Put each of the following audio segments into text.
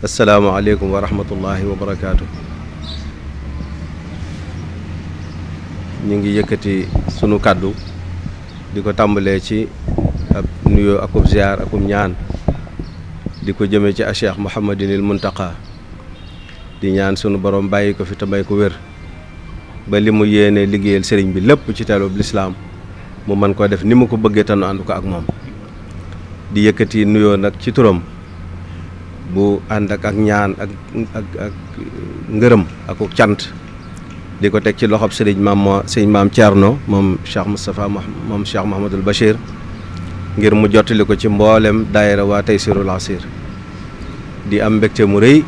asalaamaaleykum wa rahmatullahi wa barakaatu. ñu ngi yëkkati sunu kàddu di ko tàmbalee ci ab nuyoo akub ziar akub ñaan di ko jëmee ci Cheikh Mouhamadinil Muntaqa di ñaan sunu borom bàyyi ko fi te may ko wér ba li mu yéene liggéeyal sëriñ bi lépp ci teelub lislaam mu mën koo def ni mu ko bëggee te nu ak moom di yëkkati nuyoo nag ci turam. bu ànd ak ak ñaan ak ak ak ngërëm ak cant di ko teg ci loxob sëriñ maam sëriñ maam Thierno moom Cheikh Moustapha moom Cheikh Mouhamadul Bachir ngir mu jottali ko ci mbooleem daayira waa Taysirul Asir di am mbégte mu rëy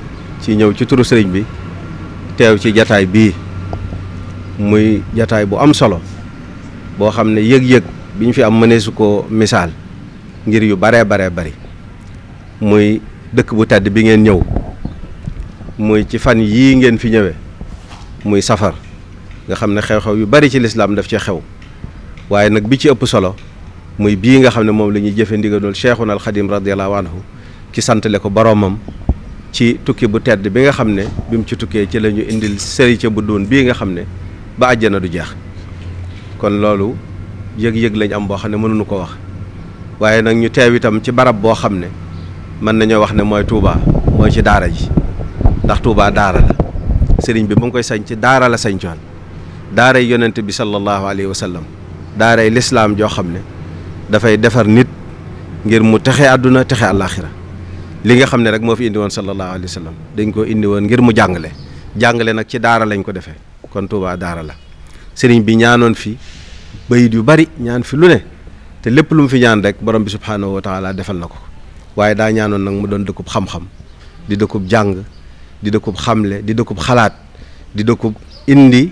ci ñëw ci turu sëriñ bi teew ci jataay bii muy jataay bu am solo boo xam ne yëg-yëg bi ñu fi am mëneesu ko misaal ngir yu baree baree bari muy dëkk bu tedd bi ngeen ñëw muy ci fan yii ngeen fi ñëwee muy safar nga xam ne xew-xew yu bari ci lislaam daf ci xew waaye nag bi ci ëpp solo muy bii nga xam ne moom la ñuy jëfe ndiganul Cheikhuna al Xadim radiyallahu anhu ci santale ko boroomam ci tukki bu tedd bi nga xam ne bi mu ci tukkee ci la ñu indil sëriñ bu doon bii nga xam ne ba na du jeex kon loolu yëg-yëg lañ am boo xam ne mënuñu ko wax waaye nag ñu teew itam ci barab boo xam ne mën nañoo wax ne mooy Touba mooy ci daara ji ndax Touba daara la sëriñ bi mu ngi koy sañ ci daara la sañcoon daara yi yonent bi sallallahu alayhi wa sallam daara yi lislaam joo xam ne dafay defar nit ngir mu texe àdduna texe àllaaxira li nga xam ne rek moo fi indi woon sallallahu alayhi wa dañ koo indi woon ngir mu jàngale jàngale nag ci daara lañ ko defe kon Touba daara la sëriñ bi ñaanoon fi bayit yu bari ñaan fi lu ne te lépp lu mu fi ñaan rek borom bi subhaanahu wa taala defal na ko waaye daa ñaanoon nag mu doon dëkkub xam-xam di dëkkub jàng di dëkkub xamle di dëkkub xalaat di dëkkub indi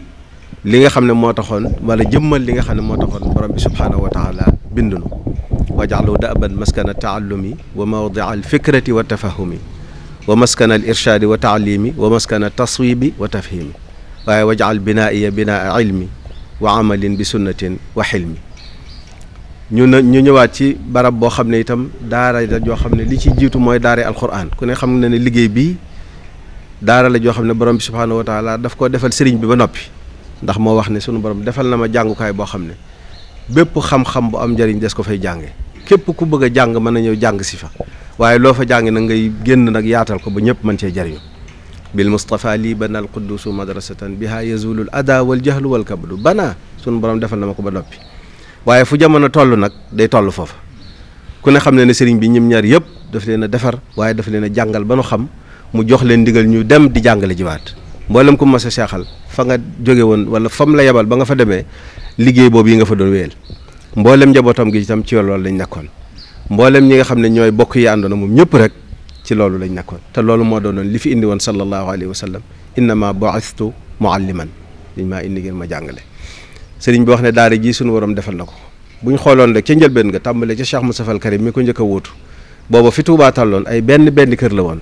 li nga xam ne moo taxoon wala jëmmal li nga xam ne moo taxoon borom bi subhaanahu wa taala bindunu wajaxlu daaban maskana taallumi wa mawdia alfikrati wa wa maskana al irchaadi wa taalimi wa maskana waaye wajaal binaa iya binaa ilmi wa amalin bi sunnatin wa xilmi ñu ne ñu ñëwaat ci barab boo xam ne itam daara la joo xam ne li ci jiitu mooy daara alxuraan ku ne xam na ne liggéey bi daara la joo xam ne borom bi subhaanahu wa taala daf ko defal sëriñ bi ba noppi ndax moo wax ne sunu borom defal na ma jàngukaay boo xam ne bépp xam bu am njëriñ des ko fay jànge képp ku bëgg a jàng mën na ñëw jàng si fa waaye loo fa jàng na ngay génn nag yaatal ko ba ñëpp mën cee jariñu bil mustapha lii bana al quddusu madrasatan biha yazulul ada wal jahlu wal kabdu bana sunu borom defal na ma ko ba noppi waaye fu jamono toll nag day toll foofa ku ne xam ne ne sëriñ bi ñim ñaar yëpp daf leen a defar waaye daf leen a jàngal ba nu xam mu jox leen digal ñu dem di jàngale jiwaat mboolem ku mas a fa nga jóge woon fa mu la yebal ba nga fa demee liggéey boobu yi nga fa doon wéyal mboolem njabootam gi itam ci loolu lañ nekkoon mboolem ñi nga xam ne ñooy bokk yi àndoona moom ñëpp rek ci loolu lañ nekkoon te loolu moo doonoon li fi indi woon sallallahu alayhi wa sallam innama bu'istu mualliman dañ maa indi ngeen ma jàngale sëriñ bi wax ne daara jii suñu waram defal la ko bu ñu xooloon rek ca njëlbeen ga tàmbale ca Cheikh Moustapha al Karim mi ko njëkk a wóotu booba fi Tuubaa tàlloon ay benn benn kër la woon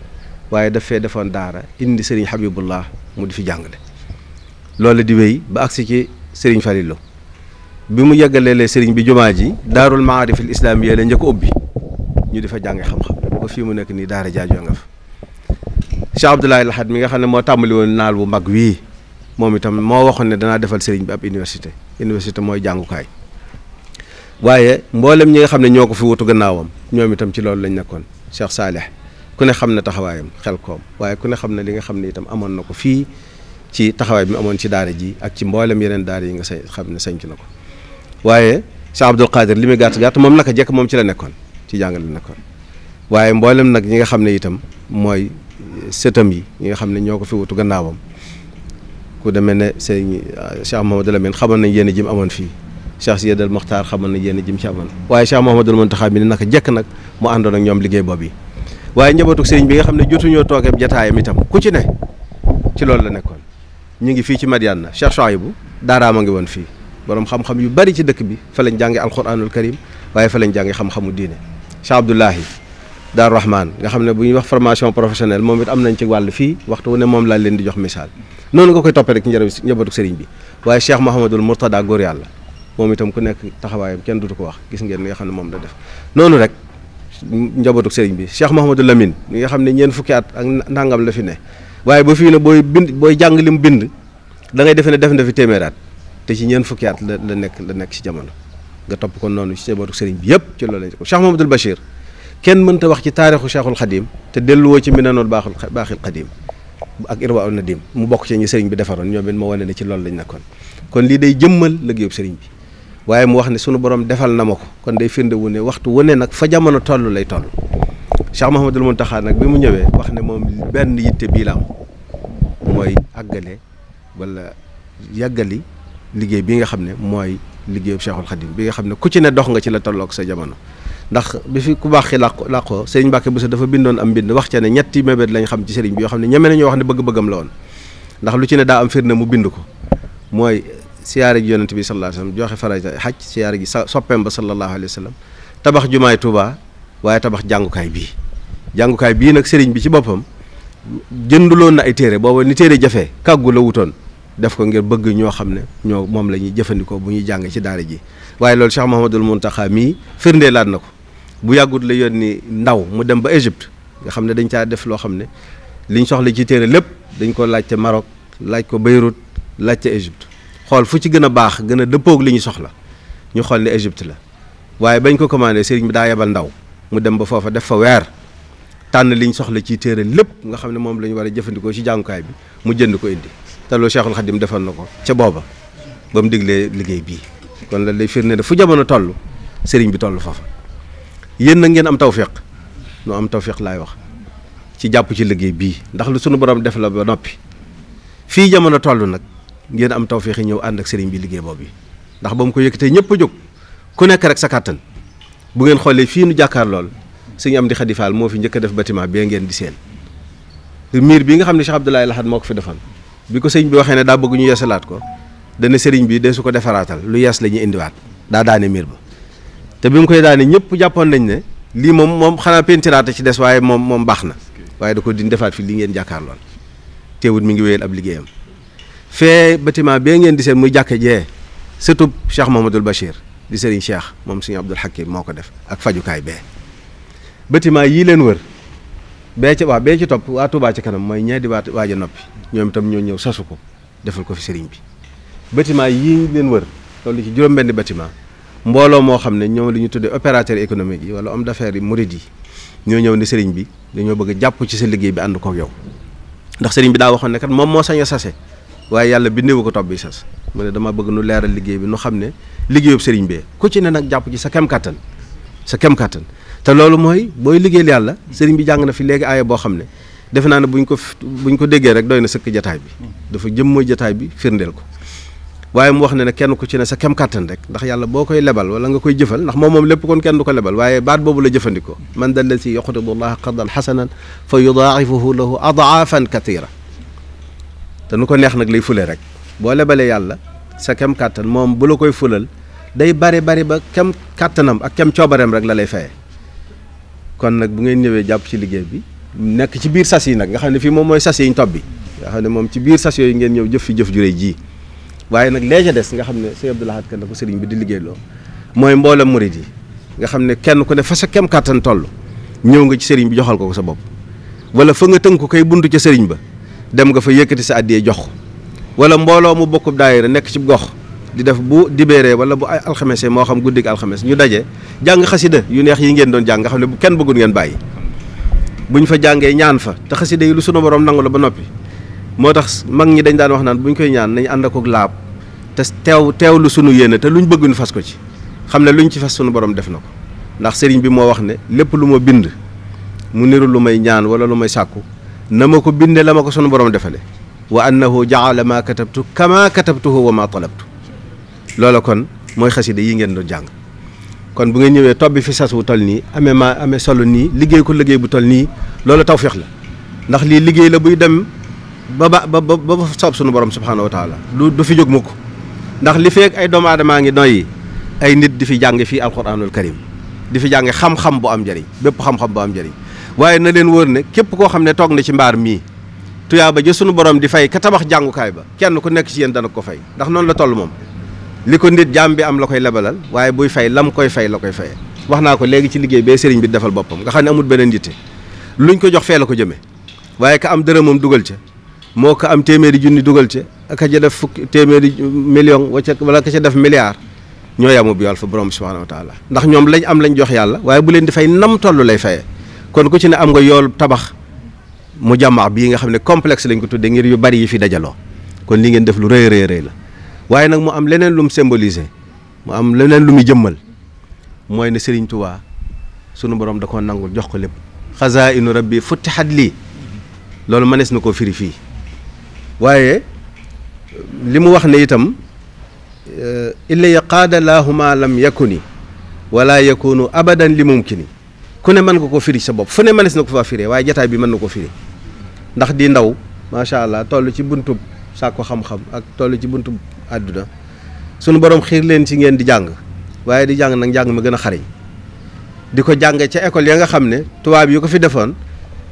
waaye daf defoon daara indi sëriñ Habibullah mu di fi jàngale loolu di wéy ba agsi ci sëriñ Falilou bi mu yeggalee sëriñ bi jumaa ji daarul maarif al islamiyya la njëkk a ubbi ñu di fa jànge xam-xam ba fii mu nekk nii daara jaajoo nga fa Cheikh Abdoulaye Lahad mi nga xam ne moo tàmbali woon naal wu mag wii moom itam moo waxoon ne danaa defal sëriñ bi ab université université mooy jàngukaay waaye mboolem ñi nga xam ne ñoo ko fi wutu gannaawam ñoom itam ci loolu lañ nekkoon Cheikh Salih ku ne xam ne taxawaayam xel koom waaye ku ne xam ne li nga xam ne itam amoon na ko fii ci taxawaay bi amoon ci daara ji ak ci mboolem yeneen daara yi nga sa xam ne sañc na ko waaye Cheikh Abdoul Qadir li muy gàtt gàtt moom naka jekk moom ci la nekkoon ci jàngale nekkoon waaye mboolem nag ñi nga xam ne itam mooy sëtam yi ñi nga xam ne ñoo ko fi wutu gannaawam ku demee ne sëñ euh, Cheikh Mouhamadou Lamine xamal nañ yéen a jëm amoon fii Cheikh Seydi El Mokhtar xamal nañ yéen a jëm ci amoon waaye Cheikh Mouhamadou Mountakha mi ne naka jekk nag mu àndoon ak ñoom liggéey boobu yi waaye njabootu sëriñ bi nga xam ne jotuñoo toogee jataayam itam ku ci ne ci loolu la nekkoon ñu ngi fii ci Madiana Cheikh Chouaïbou a ngi woon fii borom xam-xam yu bari ci dëkk bi fa lañ jànge alquranul karim waaye fa lañ jànge xam-xamu diine Cheikh Abdoulahi Daaru Rahman nga xam ne bu ñuy wax formation professionnelle moom it am nañ ci wàll fii waxtu ne moom laa leen di jox misaal noonu nga koy toppee rek ci njëriñ njabootu sëriñ bi waaye Cheikh Mouhamadul Mourtada góor yàlla moom itam ku nekk taxawaayam kenn dutu ko wax gis ngeen li nga xam ne moom la def noonu rek njabootu sëriñ bi Cheikh Mouhamadul Lamine mi nga xam ne ñeen fukki at ak ndàngam la fi ne waaye ba fii ne booy bind booy jàng li mu bind da ngay defe ne def na fi téeméeraat te ci ñeen fukki at la la nekk la nekk ci jamono nga topp ko noonu ci njabootu sëriñ bi yëpp ci loolu lañ ko Cheikh Mouhamadul Bachir kenn mënta wax ci taarixu Cheikhul Xadim te delluoo ci minanul baaxul baaxil Xadim ak na nadim mu bokk ci ñi sëriñ bi defaroon ñoom it ma wane ne ci loolu lañ nekkoon kon lii day jëmmal liggéeyub sëriñ bi waaye mu wax ne sunu boroom defal na ma ko kon day firnde wu ne waxtu wu ne nag fa jamono toll lay toll Cheikh Mahamadul Muntaxa nag bi mu ñëwee wax ne moom benn yitte bii la am mooy àggale wala yàggali liggéey bi nga xam ne mooy liggéeyub Cheikhul Xadim bi nga xam ne ku dox nga ci la tolloog sa jamono ndax bi fi ku baax làqu làqoo sëriñ Mbàkke Bousso dafa bindoon am mbind wax ca ne ñetti mébét lañ xam ci sëriñ bi yoo xam ne ñeme nañoo wax ne bëgg-bëggam la woon ndax lu ci ne daa am firnde mu bind ko mooy siyaare ji yonent bi sallallahu alayhi wa sallam joxe farata xaj siyaare ji soppeem ba sallallahu alayhi sa sallam tabax jumaay Touba waaye tabax jàngukaay bii jàngukaay bii nag sëriñ bi ci boppam jënduloon na ay téere booba ni téere jafe kàggu la wutoon def ko ngir bëgg ñoo xam ne ñoo moom la ñuy jëfandikoo bu ñuy jàng ci daara ji waaye loolu Cheikh Mouhamadul Mountakha mii firndeelaat na ko bu yàggut la yoon ni ndaw mu dem ba Égypte nga xam ne dañ caa def loo xam ne liñ soxla ci téere lépp dañ ko laaj ca Maroc laaj ko Beyrouth laaj ca Égypte xool fu ci gën a baax gën a dëppoog li ñu soxla ñu xool ne Égypte la waaye bañ ko commandé sëriñ bi daa yebal ndaw mu dem ba foofa def fa weer tànn liñ soxla ci téere lépp nga xam ne moom la ñu war a jëfandikoo ci jàngukaay bi mu jënd ko indi te loolu Cheikhul Khadim defoon na ko ca booba ba mu diglee liggéey bii kon la lay firnde ne fu jamono toll sëriñ bi toll foofa yéen na ngeen am tawféq noo am tawféq laay wax ci jàpp ci liggéey bii ndax lu sunu borom def la ba noppi fii jamono toll nag ngeen am tawféq yi ñëw ànd ak sëriñ bi liggéey boobu ndax ba mu ko yëkkatee ñëpp a jóg ku nekk rek sa kàttan bu ngeen xoolee fii nu jàkkaar lool suñu am di xadifaal moo fi njëkk def bâtiment bee ngeen di seen miir bi nga xam ne Cheikh Abdoulaye Lahad moo ko fi defal bi ko sëriñ bi waxee ne daa bëgg ñu yeesalaat ko dana sëriñ bi dee su ko defaraatal lu yees la ñu indiwaat daa daane miir te bi mu koy daanee ñëpp jàppoon nañ ne lii moom moom xanaa pentiraate ci des waaye moom moom baax na waaye da ko di defaat fi li ngeen jàkkaarloon teewut mi ngi wéyal ab liggéeyam fee bâtiment bee ngeen di seen muy jàkk jee sëtub Cheikh Mamadou Bachir di Serigne Cheikh moom Serigne Abdoul Hakim moo ko def ak fajukaay bee bâtiment yii leen wër bee ca waa bee ci topp waa Touba ci kanam mooy ñee di waa waaj noppi ñoom itam ñoo ñëw sasu ko defal ko fi Serigne bi bâtiment yii leen wër loolu ci juróom-benn mbooloo moo xam ne ñoom li ñu tuddee opérateur économique yi wala homme d'affaires yi murid yi ñoo ñëw ni sëriñ bi dañoo bëgg jàpp ci sa liggéey bi ànd kook yow ndax sëriñ bi daa waxoon ne kat moom moo saña a sase waaye yàlla bindewu ko topp bi sas mu ne dama bëgg nu leeral liggéey bi nu xam ne liggéeyub sëriñ bee ku ci ne nag jàpp ci sa kem kàttan sa kem kàttan te loolu mooy booy liggéeyal yàlla sëriñ bi jàng na fi léegi aaya boo xam ne defe naa ne buñ ko buñ ko déggee rek doy na sëkk jataay bi dafa jëm mooy jataay bi firndeel ko waaye mu wax ne ne kenn ku ci ne sa kem kàttan rek ndax yàlla boo koy lebal wala nga koy jëfal ndax moom moom lépp kon kenn du ko lebal waaye baat boobu la jëfandikoo man da lazi yuqridu allaha qardan xasanan fa yudaa'ifuhu lahu adaafan katira te nu ko neex nag lay fule rek boo lebalee yàlla sa kem kàttan moom bu la koy fulal day bari bari ba kem kàttanam ak kem coobareem rek la lay faye kon nag bu ngeen ñëwee jàpp ci liggéey bi nekk ci biir sas yi nag nga xam ne fii moom mooy sas yi ñu tob bi nga xam ne moom ci biir sas yooyu ngeen ñëw jëf fi jëf ju rëy waaye nag léegi des nga xam ne sëñ Abdou Lahad Ka la ko sëriñ bi di loo mooy mboolem murid yi nga xam ne kenn ku ne fa sa kem kàttan toll ñëw nga ci sëriñ bi joxal ko ko sa bopp wala fa nga tënk koy buntu ca sëriñ ba dem nga fa yëkkati sa àddiyee jox ko wala mbooloo mu bokkub daayira nekk ci gox di def bu dibéeree wala bu ay alxamese moo xam guddik alxames ñu daje jàng xasida yu neex yi ngeen doon jàng nga xam ne bu kenn bëggul ngeen bàyyi buñ fa jàngee ñaan fa te xasida yi lu sunu borom nangu la ba noppi moo tax mag ñi dañ daan wax naan bu ñu koy ñaan nañ ànd akook laab te teew teew lu sunu yéene te luñ bëgg ñu fas ko ci xam ne ñu ci fas sunu borom def na ko ndax sëriñ bi moo wax ne lépp lu ma bind mu niru lu may ñaan wala lu may sàkku na ma ko bindee la ma ko sunu borom defale wa na annahu jaala maa katabtu kama katabtuhu wa maa talabtu loola kon mooy xasida yi ngeen doon jàng kon bu ngeen ñëwee tobbi fi sas wu toll nii amee ma amee solo nii liggéey ko liggéey bu toll nii loolu tawféex la ndax lii liggéey la buy dem ba ba ba ba soob sunu borom subhaanahu wa taala du du fi jóg mukk ndax li feek ay doomu aadamaa ngi noyyi ay nit di fi jàng fii alquranul karim di fi jàng xam-xam bu am njariñ bépp xam-xam bu am njëriñ waaye na leen wóor ne képp koo xam ne toog na ci mbaar mii tuyaa ba jë sunu borom di fay ka tabax jàngukaay ba kenn ku nekk ci yéen dana ko fay ndax noonu la toll moom li ko nit jaam bi am la koy lebalal waaye buy fay lam koy fay la koy fayee wax naa ko léegi ci liggéey bee sëriñ bi defal boppam nga xam ne amul beneen yitte luñ ko jox fee la ko jëmee waaye ka am dërëmam dugal ca moo ko am téeméeri junni dugal ca ka ca def fukki téeméeri million wala ka ca def milliard ñoo yamub yool fa borom subhaanahu wa taala ndax ñoom lañ am lañ jox yàlla waaye bu leen di fay nam toll lay fayee kon ku ci ne am nga yool tabax mu jàmmaa bii nga xam ne complexe lañ ko tuddee ngir yu bari yi fi dajaloo kon li ngeen def lu rëy rëy rëy la waaye nag mu am leneen lu mu symboliser mu am leneen lu mu jëmmal mooy ne Serigne Touba sunu borom da koo nangul jox ko lépp xazaa'inu rabbi futtihat lii loolu mënees na koo firi fii waaye li mu wax ne itam eh, illaya qaadalaahuma lam yakuni wala yakunu abadan li ni ku ne mën nga ko firi sa bopp fu ne mane mënees na ko faa firee waaye jataay bi mën na ko firi ndax di ndaw macha allah toll ci buntub sàkku xam-xam ak tollu ci buntub àdduna sunu borom xiir leen ci ngeen di jàng waaye di jàng nag njàng ma gën a xariñ di ko jàng ca école ya nga xam ne tubaab yi ko fi defoon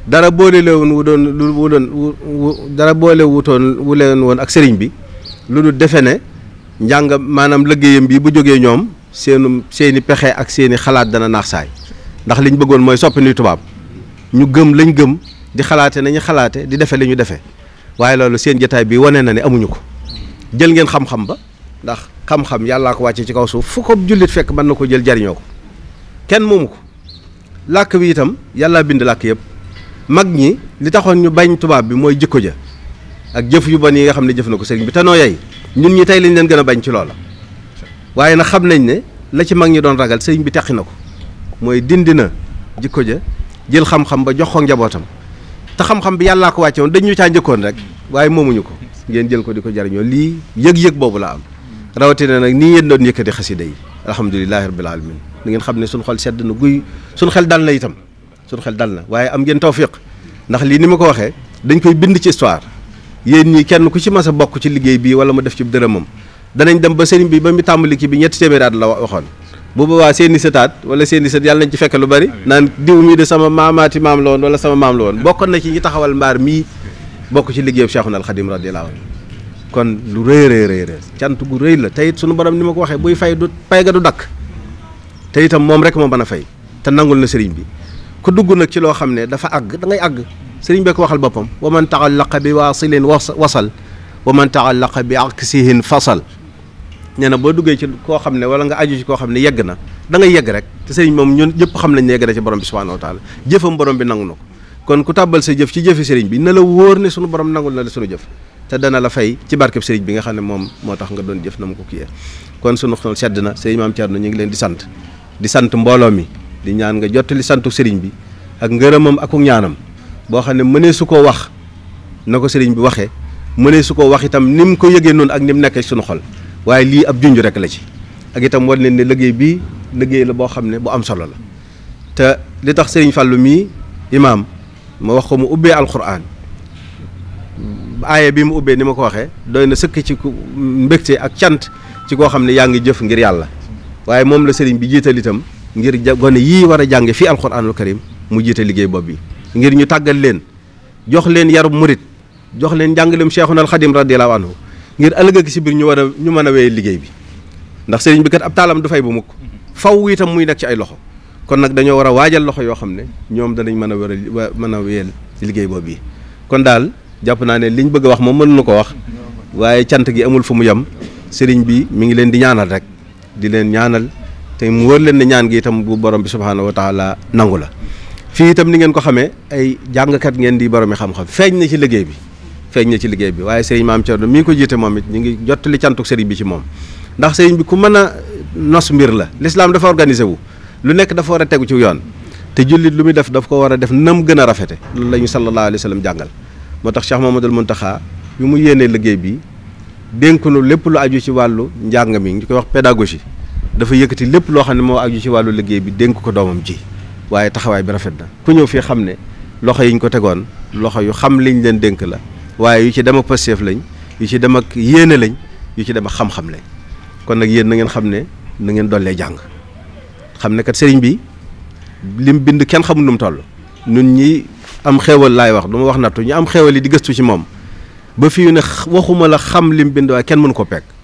dara boole lewoon wu doon lu wu doon dara boole wutoon wu leen woon ak sëriñ bi lu nu defe ne njàng maanaam liggéeyam bi bu jógee ñoom seenu seeni pexe ak seeni xalaat dana naax saay ndax liñ bëggoon mooy soppi nuy tubaab ñu gëm lañ gëm di xalaate nañu xalaate di defe li ñu defe waaye loolu seen jataay bi wane na ne amuñu ko jël ngeen xam-xam ba ndax xam-xam yàllaa ko wàcce ci kaw suuf fu ko jullit fekk mën na ko jël jariñoo ko kenn moomu ko làkk bi itam yàllaa bind làkk yëpp mag ñi li taxoon ñu bañ tubaab bi mooy jikko ja ak jëf yu bon yi nga xam ne jëf na ko sëriñ bi te noo yay ñun ñi tey lañ leen gën a bañ ci loola waaye nag xam nañ ne la ci mag ñi doon ragal sëriñ bi teqi na ko mooy dindi na jikko ja jël xam-xam ba jox ko njabootam te xam-xam bi yàllaa ko wàcce woon dañ ñu caa njëkkoon rek waaye moomuñu ko ngeen jël ko di ko jariñoo lii yëg-yëg boobu la am rawatina nag nii ngeen doon yëkkati xasida yi alhamdulilahi rabbil alamin da ngeen xam ne suñ xol sedd na guy suñ xel dal na itam suñu xel dal na waaye am ngeen tawfiq ndax lii ni ma ko waxee dañ koy bind ci histoire yéen ñii kenn ku ci masa bokk ci liggéey bii wala ma def ci dërëmam danañ dem ba sëriñ bi ba mu tàmbali ki bi ñetti téeméeri at la waxoon bu boobaa seen i sëtaat wala seen i sët yàlla nañ ci fekk lu bari naan diw mii de sama maamaati maam la woon wala sama maam la woon bokkoon na ci ñi taxawal mbaar mii bokk ci liggéeyu Cheikhuna al Khadim radiyallahu anhu kon lu rëy rëy rëy rëy cant gu rëy la teyit suñu borom ni ma ko waxee buy fay du pay dakk te itam moom rek moo mën a fay te nangul na sëriñ bi ko dugg nag ci loo xam ne dafa àgg dangay àgg sëriñ bi ko waxal boppam wa man taallaqa bi waasilin wasal wa man taallaqa bi aksihin fasal nee na boo duggee ci koo xam ne wala nga aju ci koo xam ne yegg na da yegg rek te sëriñ moom ñun ñëpp xam nañ ne yegg ci borom bi subhanahu wa taala jëfam borom bi nangu ko kon ku sa jëf ci jëfi sëriñ bi na la wóor ne sunu borom nangul na la sunu jëf te dana la fay ci barkeb sëriñ bi nga xam ne moom moo tax nga doon jëf na ko kiyee kon sunu xol sedd na sëriñ maam Thierno ñu ngi leen di sant di sant mbooloo mi di ñaan nga jottali santu sëriñ bi ak ngërëmam ak ñaanam boo xam ne mënee su koo wax na ko sëriñ bi waxee mënee su ko wax itam ni mu ko yëgee noonu ak ni mu nekkee sunu xol waaye lii ab junj rek la ci ak itam war leen ne liggéey bii liggéey la boo xam ne bu am solo la te li tax sëriñ Fàllu mii imaam ma wax ko mu ubbee alxuraan aaye bi mu ubbee ni ma ko waxee doy na sëkk ci mbégte ak cant ci koo xam ne yaa ngi jëf ngir yàlla waaye moom la sëriñ bi jiital itam ngir gone yii war a jàng fii alxuraanul karim mu jiite liggéey bopp bi ngir ñu tàggal leen jox leen yarub murit jox leen njàngalem Cheikhuna al Xadim radiyallahu anhu ngir ëllëg ak si biir ñu war a ñu mën a wéyee liggéey bi ndax sëriñ bi kat ab taalam du fay bu mukk faw itam muy nekk ci ay loxo kon nag dañoo war a waajal loxo yoo xam ne ñoom danañ mën a war a mën a wéyal liggéey boobu yi kon daal jàpp naa ne liñ bëgg a wax moom mën na ko wax waaye cant gi amul fu mu yem sëriñ bi mi ngi leen di ñaanal rek di leen ñaanal te mu wër leen ne ñaan gi itam bu borom bi subhaanahu wa taala nangu la fii itam ni ngeen ko xamee ay jàngkat ngeen di borom yi xam-xam feeñ na ci liggéey bi feeñ na ci liggéey bi waaye sëriñ maam Thierno mi ngi ko jiite moom it ñu ngi jottali cantuk sëriñ bi ci moom ndax sëriñ bi ku mën a nos mbir la lislaam dafa organisé wu lu nekk dafa war a tegu ci yoon te jullit lu muy def daf ko war a def nam gën a rafete loolu la ñu sallallahu alayhi wa sallam jàngal moo tax Cheikh Mamadou Mountakha bi mu yéenee liggéey bi dénk nu lépp lu aju wàllu njàng mi ñu koy wax pédagogie dafa yëkkati lépp loo xam ne moo aju ci wàllu liggéey bi dénk ko doomam ji waaye taxawaay bi rafet na ku ñëw fii xam ne loxo yi ñu ko tegoon loxo yu xam liñ leen dénk la waaye yu ci dem ak pasteef lañ yu ci dem ak yéene lañ yu ci dem ak xam-xam lañ kon nag yéen na ngeen xam ne na ngeen dollee jàng xam ne kat sëriñ bi lim bind kenn xamul nu mu toll nun ñi am xewal laay wax du ma wax nattu ñu am xewal yi di gëstu ci moom ba fii ne waxuma la xam lim bind waaye kenn mënu ko pekk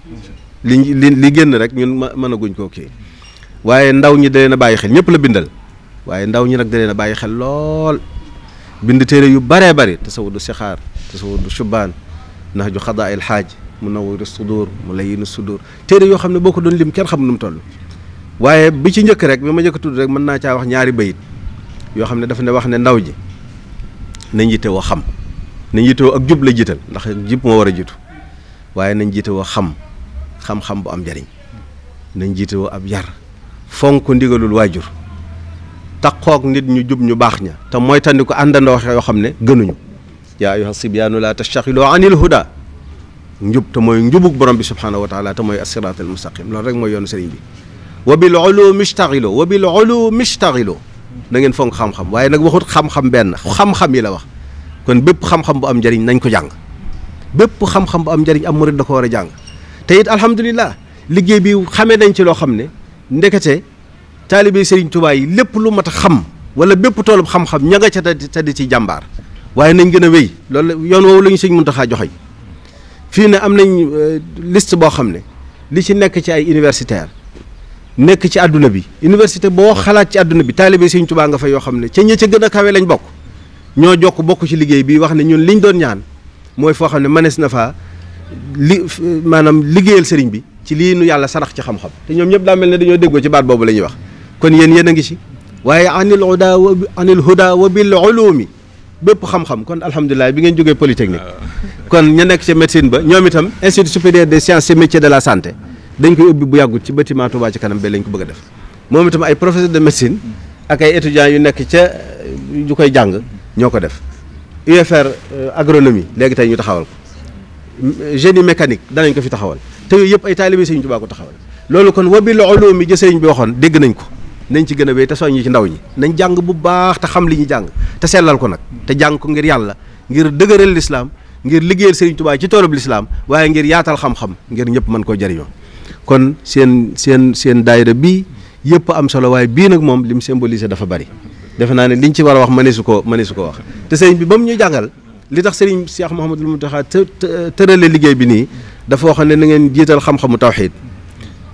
li li li génn rek ñun ma mënaguñ koo kii waaye ndaw ñi da na bàyyi xel ñépp la bindal waaye ndaw ñi nag da leen a bàyyi xel lool bind téere yu baree bari tasawudu sixaar tasawudu shubaan nax ju xadaa il xaaj mu nawiru sudur mu layinu sudur téere yoo xam ne boo ko doon lim kenn xam nu mu toll waaye bi ci njëkk rek bi ma njëkk tudd rek mën naa caa wax ñaari bayit yoo xam ne dafa ne wax ne ndaw ji nañ yitewoo xam nañ yitewoo ak jub la jiital ndax jub moo jiitu waaye nañ yitewoo xam xam-xam bu am njariñ nañ jiitoo ab yar fonk ndigalul waajur taqoog nit ñu jub ñu baax ña te mooy tandi ko àndandoo yoo xam ne gënuñu yaa ayyuha sibyaanu laa tastaxilu anil huda njub te mooy njubug borom bi subhaanahu wa taala te mooy assiraat al mustaqim loolu rek mooy yoonu sëriñ bi wa bil ulumi ishtaxilu wa bil ulumi ishtaxilu na ngeen fonk xam-xam waaye nag waxut xam-xam benn xam-xam yi la wax kon bépp xam-xam bu am njariñ nañ ko jàng bépp xam bu am njariñ am murid da ko war a jàng te it alhamdulilah liggéey bi xamee nañ ci loo xam ne ndekete taalibe Serigne Touba yi lépp lu mat a xam wala bépp toolub xam-xam ña nga ca te ci jàmbaar waaye nañ gën a wéy loolu yoon woowu la ñu Serigne Mountakha joxoñ fii ne am nañ euh, liste boo xam ne li ci nekk ci ay universitaire nekk ci àdduna bi université boo xalaat ci àdduna bi taalibe Serigne Touba nga fa yoo xam ne ca ña ca gën a kawe lañ bokk ñoo jokk bokk ci liggéey bi wax ne ñun liñ doon ñaan mooy foo xam ne manees na faa li maanaam liggéeyal sëriñ bi ci lii nu yàlla sarax ci xam-xam te ñoom ñëpp daa mel ne dañoo déggoo ci baat boobu la ñuy wax kon yéen yéen a ngi si waaye anil huda wa anil huda wa bil ulumi bépp xam-xam kon alhamdulilah bi ngeen jógee polytechnique kon ñu nekk ci médecine ba ñoom itam institut supérieur des sciences et métiers de la santé dañ koy ubbi bu yàggut ci bâtiment Touba ci kanam ba lañ ko bëgg def moom itam ay professeur de médecine ak ay étudiants yu nekk ca yu koy jàng ñoo ko def UFR euh, agronomie léegi tey ñu taxawal génie mécanique danañ ko fi taxawal te yooyu yëpp ay taalibe Sëriñ Tuubaa ko taxawal loolu kon wabil ulumi ji sëriñ bi waxoon dégg nañ ko nañ ci gën a wéy te soññi ci ndaw ñi nañ jàng bu baax te xam li ñu jàng te sellal ko nag te jàng ko ngir yàlla ngir dëgëral lislaam ngir liggéeyal Sëriñ Tuubaa ci toolub lislaam waaye ngir yaatal xam-xam ngir ñëpp mën koo jariñoo kon seen seen seen daayira bii yëpp am solo waaye bii nag moom li mu symbolisé dafa bari defe naa ne liñ ci war a wax mëneesu ko mëneesu ko wax te bi ba mu jàngal li tax sëriñ Cheikh Mouhamadul Mountakha të tërale liggéey bi nii dafa wax ne na ngeen jiital xam-xamu tawxiid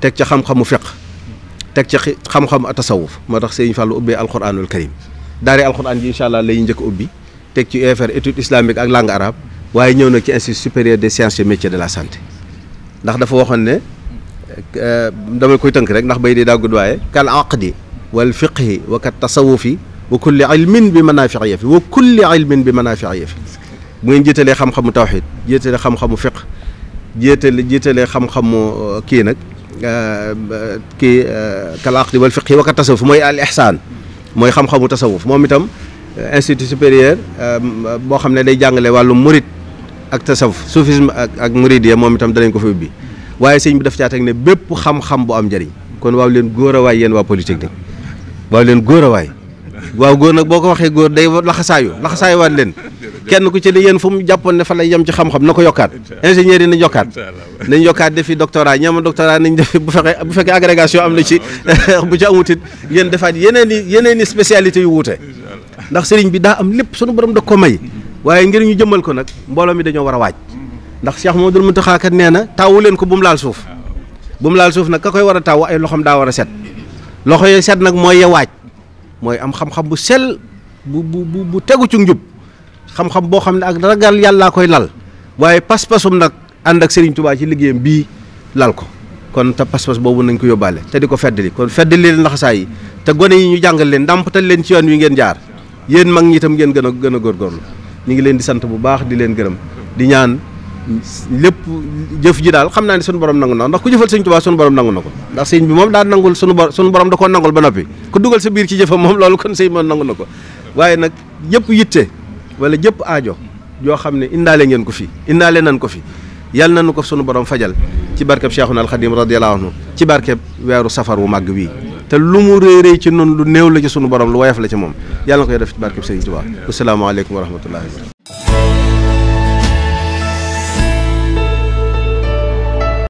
teg ci xam-xamu fiq teg ca xam-xamu atasawuf moo tax sëriñ Fallou ubbee alquranul karim daari alquran ji incha allah lay njëkk ubbi teg ci UFR étude islamique ak langue arabe waaye ñëw na ci institut supérieur de sciences et métiers de la santé ndax dafa waxoon ne euh, dama koy tënk rek ndax bay di daa gudd waaye kal aqdi wal fiqhi wa kat tasawufi wa kulli ilmin bi manaafiya fi wa kulli ilmin bi manaafiya fi bu ngeen jiitalee xam-xamu tawxiid jiitalee xam-xamu fiq jiitale jiitalee xam-xamu uh, kii nag uh, kii uh, kalaaq di wal fiq yi waka tasawuf mooy al ihsaan mooy xam-xamu tasawuf moom itam institut supérieur um, boo xam ne day jàngale wàllu murit ak tasawuf soufisme ak ak murid ya moom itam danañ ko fa ubbi waaye sëñ bi daf caa ne bépp xam-xam bu am njariñ kon waaw leen góor a waay yéen waa polytechnique waaw leen góor a waay waaw góor nag boo ko waxee góor day laxasaayu laxasaayu waat leen kenn ku ci ne yéen fu mu jàppoon ne fa lay yem ci xam-xam na ko yokkaat ingénieur yi nañ yokkaat nañ yokkaat defi doctorat ñeema doctorat nañ defi bu fekkee bu fekkee agrégation am na ci bu ci amutit ngeen defaat yeneen i yeneen i spécialités yu wuute ndax sëriñ bi daa am lépp sunu borom da ko may waaye ngir ñu jëmmal ko nag mbooloo mi dañoo war a waaj mm-hmm. ndax Cheikh Modou Mountakha kat nee na taawu leen ko bu mu laal suuf bu mu laal suuf nag ka koy war a taaw ay loxoom daa war a set loxo yooyu set nag mooy ya waaj mooy am xam bu sell bu tegu ci njub xam-xam boo xam ne ak ragal yàllaa koy lal waaye pas-pasum nag ànd ak Serigne Touba ci liggéeyam bii lal ko kon te pas-pas boobu nañ ko yóbbaale te di ko feddali kon feddali leen laxasaa yi te gone yi ñu jàngal leen ndàmpatal leen ci yoon wi ngeen jaar yéen mag ñi itam ngeen gën a gën a góor góorgóorlu ñu ngi leen di sant bu baax di leen gërëm di ñaan lépp jëf ji daal xam naa ne sunu borom nangu na ndax ku jëfal sëñ Tuubaa ko ndax sëñ bi moom daa nangul sunu borom da koo nangul ba noppi ku dugal sa biir ci jëfam moom loolu kon sëñ na ko waaye nag yëpp yitte wala jëpp aajo joo xam ne indaale ngeen ko fi indaale nan ko fi yal nañu ko sunu borom fajal ci barkeb Cheikhuna al Khadim radiyallahu anhu ci barkeb weeru safar wu màgg wii te lu mu réeréy ci noonu lu néew la ci sunu borom lu woyof la ci moom yàlla na koy def ci barkeb Sëriñ Tuubaa asalaamaaleykum wa rahmatullahi